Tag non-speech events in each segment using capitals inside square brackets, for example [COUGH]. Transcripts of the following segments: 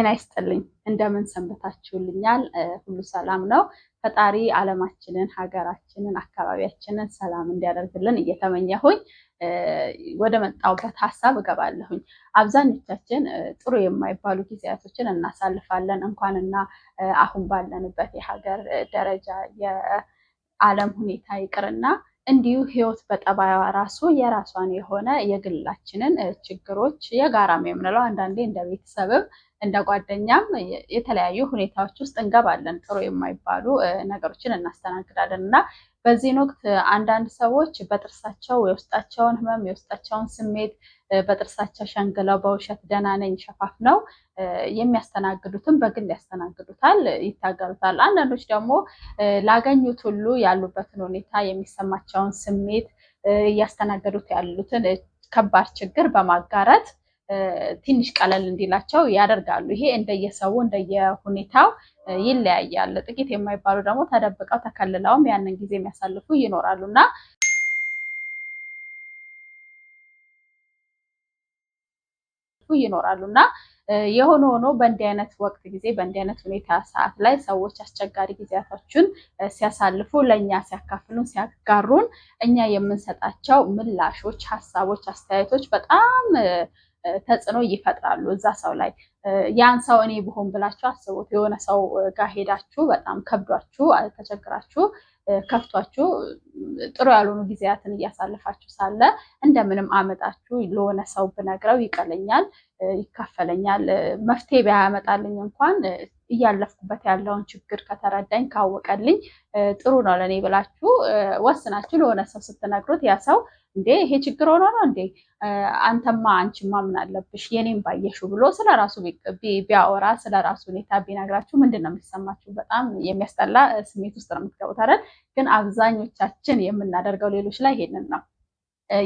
ጤና ይስጥልኝ። እንደምን ሰንብታችሁልኛል? ሁሉ ሰላም ነው? ፈጣሪ ዓለማችንን፣ ሀገራችንን፣ አካባቢያችንን ሰላም እንዲያደርግልን እየተመኘሁኝ ወደ መጣሁበት ሀሳብ እገባለሁኝ። አብዛኞቻችን ጥሩ የማይባሉ ጊዜያቶችን እናሳልፋለን። እንኳንና አሁን ባለንበት የሀገር ደረጃ የዓለም ሁኔታ ይቅርና እንዲሁ ህይወት በጠባይዋ ራሱ የራሷን የሆነ የግላችንን ችግሮች የጋራም የምንለው አንዳንዴ እንደ ቤተሰብም እንደ ጓደኛም የተለያዩ ሁኔታዎች ውስጥ እንገባለን። ጥሩ የማይባሉ ነገሮችን እናስተናግዳለን እና በዚህን ወቅት አንዳንድ ሰዎች በጥርሳቸው የውስጣቸውን ህመም የውስጣቸውን ስሜት በጥርሳቸው ሸንግለው በውሸት ደህና ነኝ ነው የሚያስተናግዱትን በግል ያስተናግዱታል፣ ይታገሉታል። አንዳንዶች ደግሞ ላገኙት ሁሉ ያሉበትን ሁኔታ የሚሰማቸውን ስሜት እያስተናገዱት ያሉትን ከባድ ችግር በማጋረት ትንሽ ቀለል እንዲላቸው ያደርጋሉ። ይሄ እንደየሰው እንደየሁኔታው ይለያያል። ጥቂት የማይባሉ ደግሞ ተደብቀው ተከልለውም ያንን ጊዜ የሚያሳልፉ ይኖራሉ እና ይኖራሉ እና የሆነ ሆኖ በእንዲህ አይነት ወቅት ጊዜ በእንዲህ አይነት ሁኔታ ሰዓት ላይ ሰዎች አስቸጋሪ ጊዜያቶችን ሲያሳልፉ ለእኛ ሲያካፍሉን ሲያጋሩን እኛ የምንሰጣቸው ምላሾች፣ ሀሳቦች፣ አስተያየቶች በጣም ተጽዕኖ ይፈጥራሉ እዛ ሰው ላይ። ያን ሰው እኔ ብሆን ብላችሁ አስቡት። የሆነ ሰው ጋር ሄዳችሁ በጣም ከብዷችሁ፣ ተቸግራችሁ፣ ከፍቷችሁ ጥሩ ያልሆኑ ጊዜያትን እያሳለፋችሁ ሳለ እንደምንም አመጣችሁ ለሆነ ሰው ብነግረው ይቀለኛል፣ ይካፈለኛል፣ መፍትሄ ቢያመጣልኝ እንኳን እያለፍኩበት ያለውን ችግር ከተረዳኝ ካወቀልኝ ጥሩ ነው ለእኔ ብላችሁ ወስናችሁ ለሆነ ሰው ስትነግሩት ያ ሰው እንዴ ይሄ ችግር ሆኖ ነው እንዴ አንተማ አንቺማ ምን አለብሽ የኔም ባየሹ ብሎ ስለ ራሱ ቢያወራ ስለ ራሱ ሁኔታ ቢነግራችሁ ምንድን ነው የሚሰማችሁ? በጣም የሚያስጠላ ስሜት ውስጥ ነው የምትገቡት አይደል? ግን አብዛኞቻችን የምናደርገው ሌሎች ላይ ይሄንን ነው።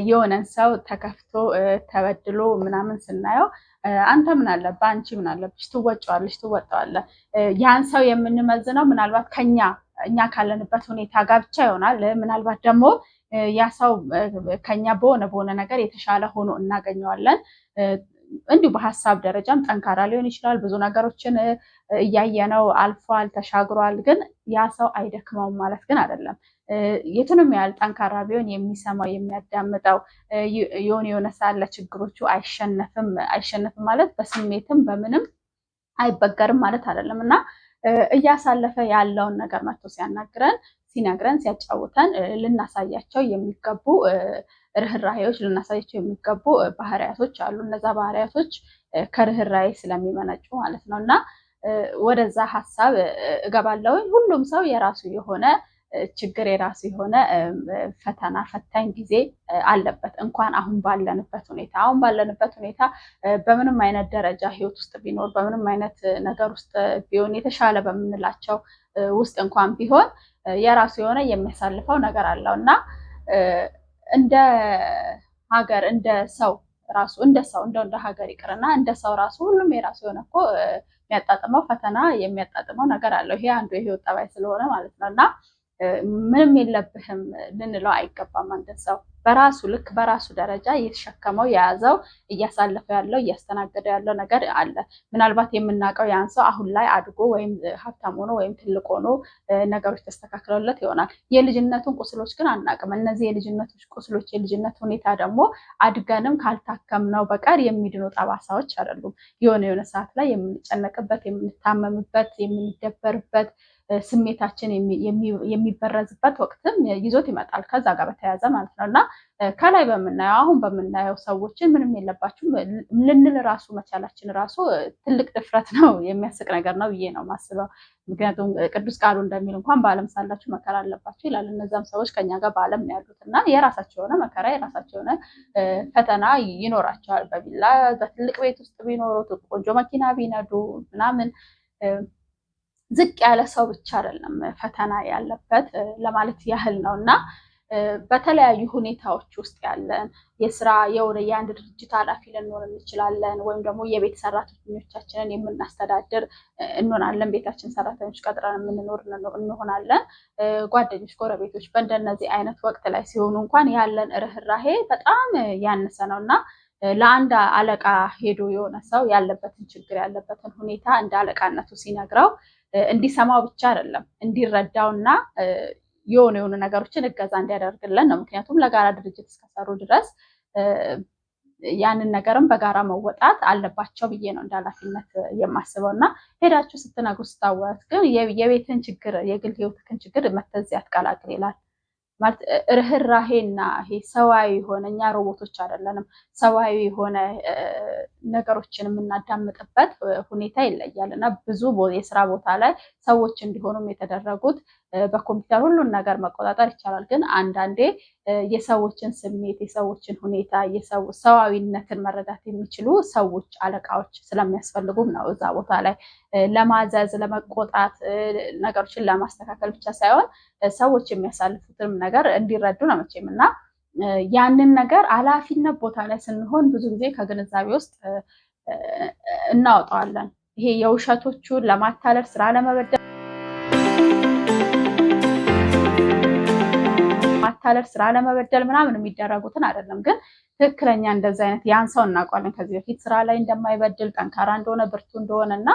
የሆነን ሰው ተከፍቶ ተበድሎ ምናምን ስናየው አንተ ምን አለብህ፣ አንቺ ምን አለብሽ፣ ትወጫዋለሽ፣ ትወጣዋለህ። ያን ሰው የምንመዝነው ምናልባት ከኛ እኛ ካለንበት ሁኔታ ጋር ብቻ ይሆናል። ምናልባት ደግሞ ያ ሰው ከኛ በሆነ በሆነ ነገር የተሻለ ሆኖ እናገኘዋለን። እንዲሁ በሀሳብ ደረጃም ጠንካራ ሊሆን ይችላል። ብዙ ነገሮችን እያየነው አልፏል፣ ተሻግሯል። ግን ያ ሰው አይደክመውም ማለት ግን አይደለም። የቱንም ያህል ጠንካራ ቢሆን የሚሰማው የሚያዳምጠው የሆነ የሆነ ሳለ ችግሮቹ አይሸነፍም። አይሸነፍም ማለት በስሜትም በምንም አይበገርም ማለት አይደለም እና እያሳለፈ ያለውን ነገር መጥቶ ሲያናግረን ሲነግረን ሲያጫውተን ልናሳያቸው የሚገቡ ርኅራሄዎች ልናሳያቸው የሚገቡ ባህሪያቶች አሉ። እነዛ ባህሪያቶች ከርኅራሄ ስለሚመነጩ ማለት ነው እና ወደዛ ሀሳብ እገባለሁ። ሁሉም ሰው የራሱ የሆነ ችግር የራሱ የሆነ ፈተና ፈታኝ ጊዜ አለበት። እንኳን አሁን ባለንበት ሁኔታ አሁን ባለንበት ሁኔታ በምንም አይነት ደረጃ ህይወት ውስጥ ቢኖር በምንም አይነት ነገር ውስጥ ቢሆን የተሻለ በምንላቸው ውስጥ እንኳን ቢሆን የራሱ የሆነ የሚያሳልፈው ነገር አለው እና እንደ ሀገር እንደ ሰው ራሱ እንደ ሰው እንደ እንደ ሀገር ይቅርና እንደ ሰው ራሱ ሁሉም የራሱ የሆነ እኮ የሚያጣጥመው ፈተና የሚያጣጥመው ነገር አለው። ይሄ አንዱ የህይወት ጠባይ ስለሆነ ማለት ነው እና ምንም የለብህም ልንለው አይገባም። አንድን ሰው በራሱ ልክ በራሱ ደረጃ እየተሸከመው የያዘው እያሳለፈ ያለው እያስተናገደ ያለው ነገር አለ። ምናልባት የምናውቀው ያን ሰው አሁን ላይ አድጎ ወይም ሀብታም ሆኖ ወይም ትልቅ ሆኖ ነገሮች ተስተካክለውለት ይሆናል። የልጅነቱን ቁስሎች ግን አናውቅም። እነዚህ የልጅነቶች ቁስሎች የልጅነት ሁኔታ ደግሞ አድገንም ካልታከምነው በቀር የሚድኑ ጠባሳዎች አይደሉም። የሆነ የሆነ ሰዓት ላይ የምንጨነቅበት፣ የምንታመምበት፣ የምንደበርበት ስሜታችን የሚበረዝበት ወቅትም ይዞት ይመጣል ከዛ ጋር በተያያዘ ማለት ነው እና ከላይ በምናየው አሁን በምናየው ሰዎችን ምንም የለባችሁም ልንል ራሱ መቻላችን ራሱ ትልቅ ድፍረት ነው፣ [LAUGHS] የሚያስቅ ነገር ነው ብዬ ነው ማስበው። ምክንያቱም ቅዱስ ቃሉ እንደሚል እንኳን በዓለም ሳላችሁ መከራ አለባችሁ ይላል። እነዚም ሰዎች ከኛ ጋር በዓለም ነው ያሉት እና የራሳቸው የሆነ መከራ የራሳቸው የሆነ ፈተና ይኖራቸዋል። በቢላ በትልቅ ቤት ውስጥ ቢኖሩት ቆንጆ መኪና ቢነዱ ምናምን ዝቅ ያለ ሰው ብቻ አይደለም ፈተና ያለበት ለማለት ያህል ነው እና በተለያዩ ሁኔታዎች ውስጥ ያለን የስራ የወደ የአንድ ድርጅት ኃላፊ ልንሆን እንችላለን፣ ወይም ደግሞ የቤት ሰራተኞቻችንን የምናስተዳድር እንሆናለን። ቤታችን ሰራተኞች ቀጥረን የምንኖር እንሆናለን። ጓደኞች፣ ጎረቤቶች በእንደነዚህ አይነት ወቅት ላይ ሲሆኑ እንኳን ያለን ርህራሄ በጣም ያነሰ ነው እና ለአንድ አለቃ ሄዶ የሆነ ሰው ያለበትን ችግር ያለበትን ሁኔታ እንደ አለቃነቱ ሲነግረው እንዲሰማው ብቻ አይደለም እንዲረዳውና የሆነ የሆኑ ነገሮችን እገዛ እንዲያደርግልን ነው። ምክንያቱም ለጋራ ድርጅት እስከሰሩ ድረስ ያንን ነገርም በጋራ መወጣት አለባቸው ብዬ ነው እንደ ኃላፊነት የማስበው እና ሄዳችሁ ስትነግሩ ስታወት ግን የቤትን ችግር የግል ህይወትክን ችግር መተዚ ያትቀላቅል ይላል። ማለት ርህራሄና ይሄ ሰዋዊ የሆነ እኛ ሮቦቶች አይደለንም። ሰዋዊ የሆነ ነገሮችን የምናዳምጥበት ሁኔታ ይለያል እና ብዙ የስራ ቦታ ላይ ሰዎች እንዲሆኑም የተደረጉት በኮምፒውተር ሁሉን ነገር መቆጣጠር ይቻላል። ግን አንዳንዴ የሰዎችን ስሜት፣ የሰዎችን ሁኔታ፣ ሰዋዊነትን መረዳት የሚችሉ ሰዎች አለቃዎች ስለሚያስፈልጉም ነው እዛ ቦታ ላይ ለማዘዝ፣ ለመቆጣት፣ ነገሮችን ለማስተካከል ብቻ ሳይሆን ሰዎች የሚያሳልፉትንም ነገር እንዲረዱ ነው መቼም እና ያንን ነገር አላፊነት ቦታ ላይ ስንሆን ብዙ ጊዜ ከግንዛቤ ውስጥ እናወጣዋለን። ይሄ የውሸቶቹን ለማታለል ስራ ለመበደል ማታለል ስራ ለመበደል ምናምን የሚደረጉትን አይደለም ግን ትክክለኛ እንደዚ አይነት ያን ሰው እናውቋለን። ከዚህ በፊት ስራ ላይ እንደማይበድል ጠንካራ እንደሆነ ብርቱ እንደሆነ እና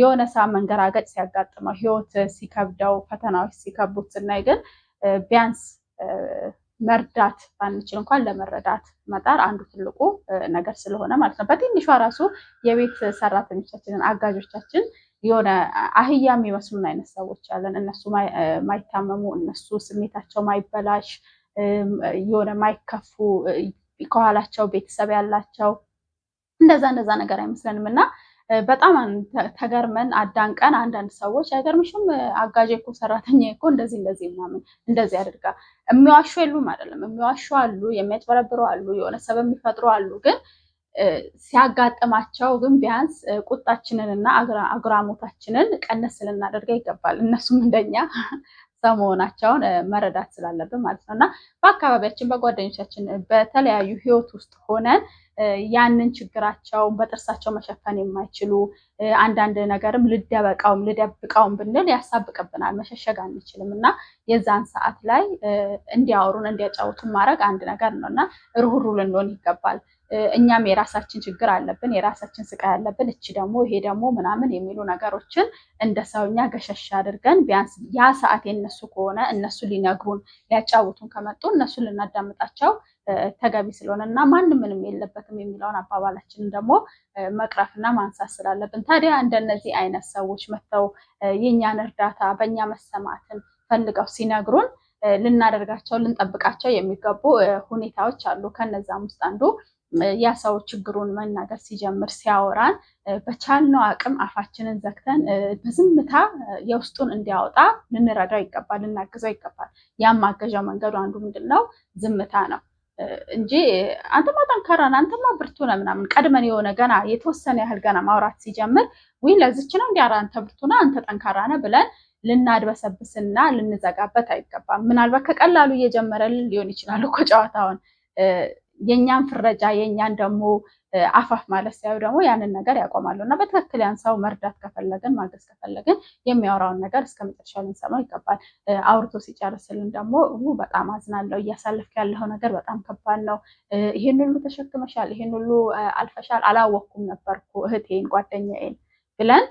የሆነ ሳ መንገራገጭ ሲያጋጥመው ህይወት ሲከብደው ፈተናዎች ሲከቡት ስናይ ግን ቢያንስ መርዳት ባንችል እንኳን ለመረዳት መጣር አንዱ ትልቁ ነገር ስለሆነ ማለት ነው። በትንሿ ራሱ የቤት ሰራተኞቻችንን አጋዦቻችን የሆነ አህያ የሚመስሉን አይነት ሰዎች አለን። እነሱ ማይታመሙ፣ እነሱ ስሜታቸው ማይበላሽ፣ የሆነ ማይከፉ፣ ከኋላቸው ቤተሰብ ያላቸው እንደዛ እንደዛ ነገር አይመስለንም እና በጣም ተገርመን አዳንቀን አንዳንድ ሰዎች አይገርምሽም አጋዥ እኮ ሰራተኛ እኮ እንደዚህ እንደዚህ ምናምን እንደዚህ አድርጋ የሚዋሹ የሉም አይደለም የሚዋሹ አሉ የሚያጭበረብሩ አሉ የሆነ ሰበብ የሚፈጥሩ አሉ ግን ሲያጋጥማቸው ግን ቢያንስ ቁጣችንን እና አግራሞታችንን ቀነስ ልናደርገው ይገባል እነሱም እንደኛ [LAUGHS] ሰው መሆናቸውን መረዳት ስላለብን ማለት ነው እና በአካባቢያችን በጓደኞቻችን በተለያዩ ህይወት ውስጥ ሆነን ያንን ችግራቸውን በጥርሳቸው መሸፈን የማይችሉ አንዳንድ ነገርም ልደበቃውም ልደብቃውም ብንል ያሳብቅብናል፣ መሸሸግ አንችልም እና የዛን ሰዓት ላይ እንዲያወሩን እንዲያጫውቱን ማድረግ አንድ ነገር ነው እና ርህሩህ ልንሆን ይገባል። እኛም የራሳችን ችግር አለብን፣ የራሳችን ስቃይ አለብን፣ እቺ ደግሞ ይሄ ደግሞ ምናምን የሚሉ ነገሮችን እንደ ሰውኛ ገሸሽ አድርገን ቢያንስ ያ ሰዓት የነሱ ከሆነ እነሱ ሊነግሩን ሊያጫውቱን ከመጡ እነሱ ልናዳምጣቸው ተገቢ ስለሆነ እና ማንም ምንም የለበትም የሚለውን አባባላችንን ደግሞ መቅረፍና ማንሳት ስላለብን ታዲያ እንደነዚህ አይነት ሰዎች መጥተው የእኛን እርዳታ በእኛ መሰማትን ፈልገው ሲነግሩን ልናደርጋቸው ልንጠብቃቸው የሚገቡ ሁኔታዎች አሉ። ከነዛም ውስጥ አንዱ ያ ሰው ችግሩን መናገር ሲጀምር ሲያወራን በቻልነው አቅም አፋችንን ዘግተን በዝምታ የውስጡን እንዲያወጣ ልንረዳው ይገባል፣ ልናግዘው ይገባል። ያም ማገዣ መንገዱ አንዱ ምንድን ነው? ዝምታ ነው እንጂ አንተማ ጠንካራ ነህ፣ አንተማ ብርቱ ነህ ምናምን ቀድመን የሆነ ገና የተወሰነ ያህል ገና ማውራት ሲጀምር ወይ ለዚች ነው እንዲያራ አንተ ብርቱ ነህ፣ አንተ ጠንካራ ነህ ብለን ልናድበሰብስና ልንዘጋበት አይገባም። ምናልባት ከቀላሉ እየጀመረልን ሊሆን ይችላል እኮ ጨዋታውን የእኛን ፍረጃ የእኛን ደግሞ አፋፍ ማለት ሲያዩ ደግሞ ያንን ነገር ያቆማሉ እና በትክክል ያን ሰው መርዳት ከፈለግን ማገዝ ከፈለግን የሚያወራውን ነገር እስከ መጨረሻ ልንሰማው ይገባል። አውርቶ ሲጨርስልን ደግሞ በጣም አዝናለው፣ እያሳለፍክ ያለው ነገር በጣም ከባድ ነው፣ ይህን ሁሉ ተሸክመሻል፣ ይህን ሁሉ አልፈሻል፣ አላወቅኩም ነበርኩ እህቴን ጓደኛዬን ብለን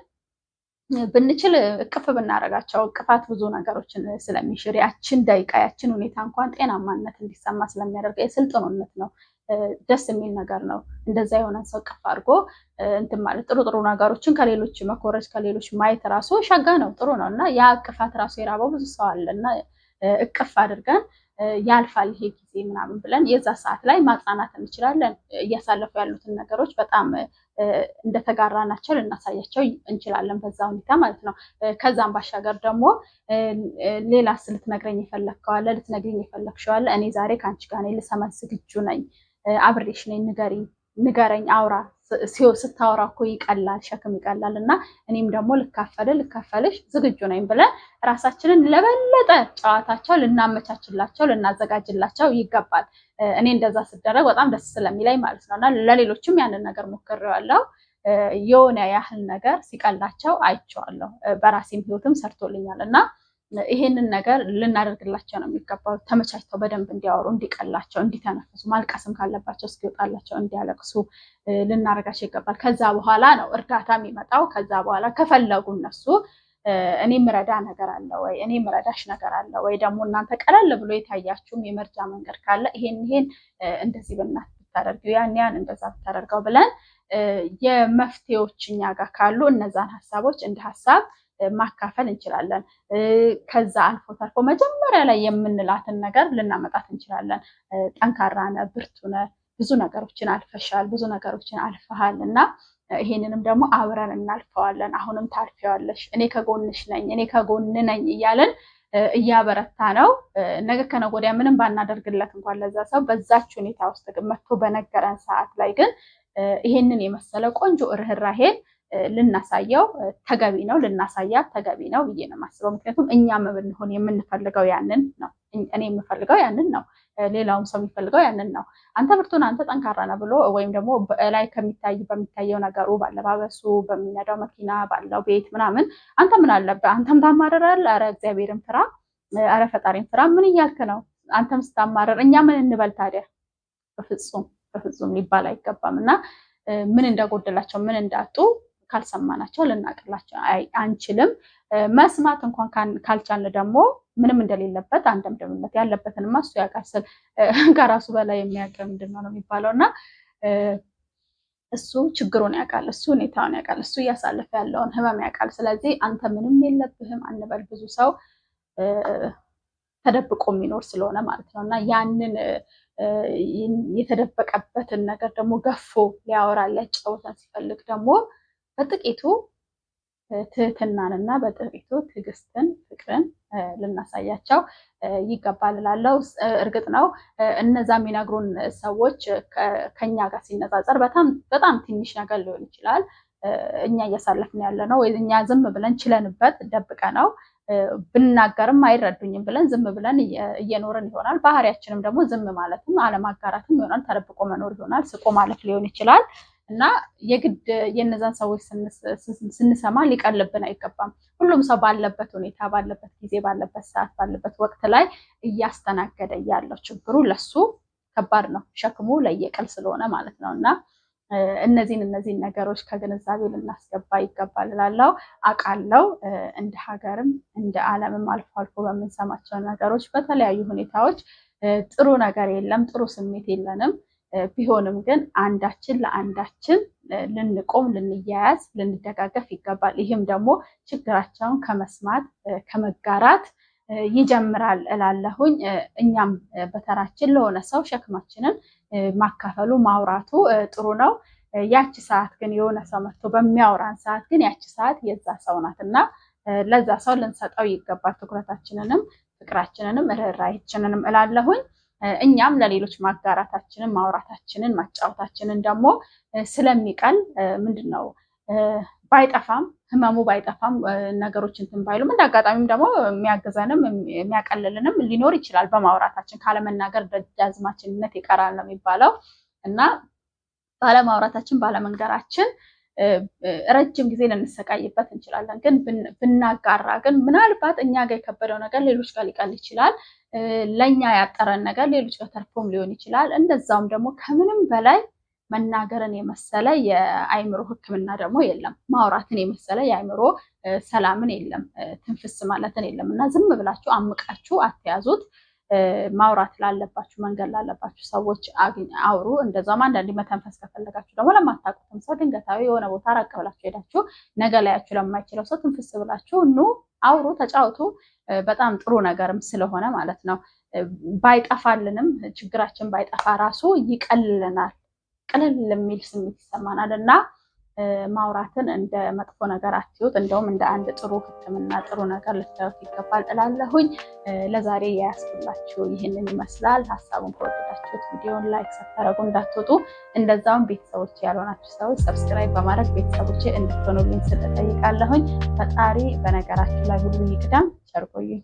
ብንችል እቅፍ ብናደርጋቸው እቅፋት ብዙ ነገሮችን ስለሚሽር ያችን ደቂቃ ያችን ሁኔታ እንኳን ጤናማነት እንዲሰማ ስለሚያደርገው የስልጥኑነት ነው። ደስ የሚል ነገር ነው። እንደዛ የሆነ ሰው እቅፍ አድርጎ እንትን ማለት ጥሩ ጥሩ ነገሮችን ከሌሎች መኮረጅ ከሌሎች ማየት ራሱ ሸጋ ነው፣ ጥሩ ነው እና ያ እቅፋት ራሱ የራበው ብዙ ሰው አለ እና እቅፍ አድርገን ያልፋል ይሄ ጊዜ ምናምን ብለን የዛ ሰዓት ላይ ማጽናናት እንችላለን። እያሳለፉ ያሉትን ነገሮች በጣም እንደተጋራናቸው ልናሳያቸው እንችላለን በዛ ሁኔታ ማለት ነው። ከዛም ባሻገር ደግሞ ሌላስ ልትነግረኝ የፈለግከዋለ ልትነግረኝ የፈለግሸዋለ እኔ ዛሬ ከአንቺ ጋር ነኝ፣ ዝግጁ ነኝ፣ አብሬሽ ነኝ፣ ንገሪኝ፣ ንገረኝ፣ አውራ ስታወራ እኮ ይቀላል፣ ሸክም ይቀላል። እና እኔም ደግሞ ልካፈል ልካፈልሽ ዝግጁ ነኝ ብለን ራሳችንን ለበለጠ ጨዋታቸው ልናመቻችላቸው ልናዘጋጅላቸው ይገባል። እኔ እንደዛ ስደረግ በጣም ደስ ስለሚላይ ማለት ነው እና ለሌሎችም ያንን ነገር ሞክሬዋለሁ። የሆነ ያህል ነገር ሲቀላቸው አይቼዋለሁ። በራሴም ህይወትም ሰርቶልኛል እና ይሄንን ነገር ልናደርግላቸው ነው የሚገባው። ተመቻችተው በደንብ እንዲያወሩ፣ እንዲቀላቸው፣ እንዲተነፍሱ፣ ማልቀስም ካለባቸው እስኪወጣላቸው እንዲያለቅሱ ልናደርጋቸው ይገባል። ከዛ በኋላ ነው እርዳታ የሚመጣው። ከዛ በኋላ ከፈለጉ እነሱ እኔ ምረዳ ነገር አለ ወይ እኔ ምረዳሽ ነገር አለ ወይ ደግሞ እናንተ ቀለል ብሎ የታያችሁም የመርጃ መንገድ ካለ ይሄን ይሄን እንደዚህ ብናት ብታደርጊው ያን ያን እንደዛ ብታደርገው ብለን የመፍትሄዎች እኛ ጋር ካሉ እነዛን ሀሳቦች እንደ ሀሳብ ማካፈል እንችላለን። ከዛ አልፎ ተርፎ መጀመሪያ ላይ የምንላትን ነገር ልናመጣት እንችላለን። ጠንካራ ነ ብርቱ ነ ብዙ ነገሮችን አልፈሻል፣ ብዙ ነገሮችን አልፈሃል እና ይሄንንም ደግሞ አብረን እናልፈዋለን። አሁንም ታልፊዋለሽ፣ እኔ ከጎንሽ ነኝ፣ እኔ ከጎን ነኝ እያለን እያበረታ ነው። ነገ ከነገ ወዲያ ምንም ባናደርግለት እንኳን ለዛ ሰው በዛች ሁኔታ ውስጥ ግን መጥቶ በነገረን ሰዓት ላይ ግን ይሄንን የመሰለ ቆንጆ ርኅራሄን ልናሳየው ተገቢ ነው፣ ልናሳያት ተገቢ ነው ብዬ ነው የማስበው። ምክንያቱም እኛም ብንሆን የምንፈልገው ያንን ነው። እኔ የምፈልገው ያንን ነው። ሌላውም ሰው የሚፈልገው ያንን ነው። አንተ ብርቱን አንተ ጠንካራ ነህ ብሎ ወይም ደግሞ ላይ ከሚታይ በሚታየው ነገሩ፣ ባለባበሱ፣ በሚነዳው መኪና፣ ባለው ቤት ምናምን አንተ ምን አለበ አንተም ታማርራል። አረ እግዚአብሔርን ፍራ፣ አረ ፈጣሪን ፍራ። ምን እያልክ ነው? አንተም ስታማረር እኛ ምን እንበል ታዲያ? በፍጹም በፍጹም ሊባል አይገባም። እና ምን እንደጎደላቸው ምን እንዳጡ ካልሰማናቸው ልናቅላቸው አንችልም። መስማት እንኳን ካልቻልን ደግሞ ምንም እንደሌለበት አንደምደምነት ያለበትንማ እሱ ያውቃል ስል ከራሱ በላይ የሚያውቅ ምንድን ነው የሚባለው እና እሱ ችግሩን ያውቃል፣ እሱ ሁኔታውን ያውቃል፣ እሱ እያሳለፈ ያለውን ህመም ያውቃል። ስለዚህ አንተ ምንም የለብህም አንበል። ብዙ ሰው ተደብቆ የሚኖር ስለሆነ ማለት ነው እና ያንን የተደበቀበትን ነገር ደግሞ ገፎ ሊያወራ ሊያጫወተን ሲፈልግ ደግሞ በጥቂቱ ትህትናንና በጥቂቱ ትዕግስትን፣ ፍቅርን ልናሳያቸው ይገባል እላለሁ። እርግጥ ነው እነዛ የሚነግሩን ሰዎች ከኛ ጋር ሲነጻጸር በጣም ትንሽ ነገር ሊሆን ይችላል። እኛ እያሳለፍን ያለ ነው ወይ እኛ ዝም ብለን ችለንበት ደብቀ ነው ብናገርም አይረዱኝም ብለን ዝም ብለን እየኖርን ይሆናል። ባህሪያችንም ደግሞ ዝም ማለትም አለማጋራትም ይሆናል። ተደብቆ መኖር ይሆናል። ስቆ ማለት ሊሆን ይችላል። እና የግድ የነዛን ሰዎች ስንሰማ ሊቀልብን አይገባም። ሁሉም ሰው ባለበት ሁኔታ፣ ባለበት ጊዜ፣ ባለበት ሰዓት፣ ባለበት ወቅት ላይ እያስተናገደ ያለው ችግሩ ለሱ ከባድ ነው፣ ሸክሙ ለየቅል ስለሆነ ማለት ነው እና እነዚህን እነዚህን ነገሮች ከግንዛቤ ልናስገባ ይገባል እላለሁ። አውቃለሁ እንደ ሀገርም እንደ ዓለምም አልፎ አልፎ በምንሰማቸው ነገሮች በተለያዩ ሁኔታዎች ጥሩ ነገር የለም፣ ጥሩ ስሜት የለንም። ቢሆንም ግን አንዳችን ለአንዳችን ልንቆም፣ ልንያያዝ፣ ልንደጋገፍ ይገባል። ይህም ደግሞ ችግራቸውን ከመስማት ከመጋራት ይጀምራል እላለሁኝ። እኛም በተራችን ለሆነ ሰው ሸክማችንን ማካፈሉ ማውራቱ ጥሩ ነው። ያቺ ሰዓት ግን የሆነ ሰው መጥቶ በሚያወራን ሰዓት ግን ያቺ ሰዓት የዛ ሰው ናት እና ለዛ ሰው ልንሰጠው ይገባል ትኩረታችንንም ፍቅራችንንም ርኅራኄችንንም እላለሁኝ። እኛም ለሌሎች ማጋራታችንን ማውራታችንን ማጫወታችንን ደግሞ ስለሚቀል ምንድን ነው ባይጠፋም ህመሙ ባይጠፋም ነገሮች እንትን ባይሉም እንደ አጋጣሚም ደግሞ የሚያግዘንም የሚያቀልልንም ሊኖር ይችላል በማውራታችን። ካለመናገር ደጃዝማችነት ይቀራል ነው የሚባለው እና ባለማውራታችን ባለመንገራችን ረጅም ጊዜ ልንሰቃይበት እንችላለን። ግን ብናጋራ ግን ምናልባት እኛ ጋር የከበደው ነገር ሌሎች ጋር ሊቀል ይችላል። ለእኛ ያጠረን ነገር ሌሎች ጋር ተርፎም ሊሆን ይችላል። እንደዛውም ደግሞ ከምንም በላይ መናገርን የመሰለ የአእምሮ ሕክምና ደግሞ የለም። ማውራትን የመሰለ የአእምሮ ሰላምን የለም። ትንፍስ ማለትን የለም እና ዝም ብላችሁ አምቃችሁ አትያዙት። ማውራት ላለባችሁ መንገድ ላለባችሁ ሰዎች አውሩ። እንደዛም አንዳንዴ መተንፈስ ከፈለጋችሁ ደግሞ ለማታውቁትም ሰው ድንገታዊ የሆነ ቦታ ራቅ ብላችሁ ሄዳችሁ ነገ ላያችሁ ለማይችለው ሰው ትንፍስ ብላችሁ ኑ አውሩ፣ ተጫውቱ። በጣም ጥሩ ነገርም ስለሆነ ማለት ነው። ባይጠፋልንም ችግራችን ባይጠፋ ራሱ ይቀልልናል። ቅልል የሚል ስሜት ይሰማናል እና ማውራትን እንደ መጥፎ ነገር አትዩት። እንደውም እንደ አንድ ጥሩ ሕክምና ጥሩ ነገር ልታዩት ይገባል እላለሁኝ። ለዛሬ የያዝኩላችሁ ይህንን ይመስላል። ሀሳቡን ከወደዳችሁት ቪዲዮን ላይክ ሳታረጉ እንዳትወጡ። እንደዛውም ቤተሰቦች ያልሆናችሁ ሰዎች ሰብስክራይብ በማድረግ ቤተሰቦች እንድትሆኑልኝ ስል እጠይቃለሁኝ። ፈጣሪ በነገራችሁ ላይ ሁሉ ይቅደም። ቸር ቆዩኝ።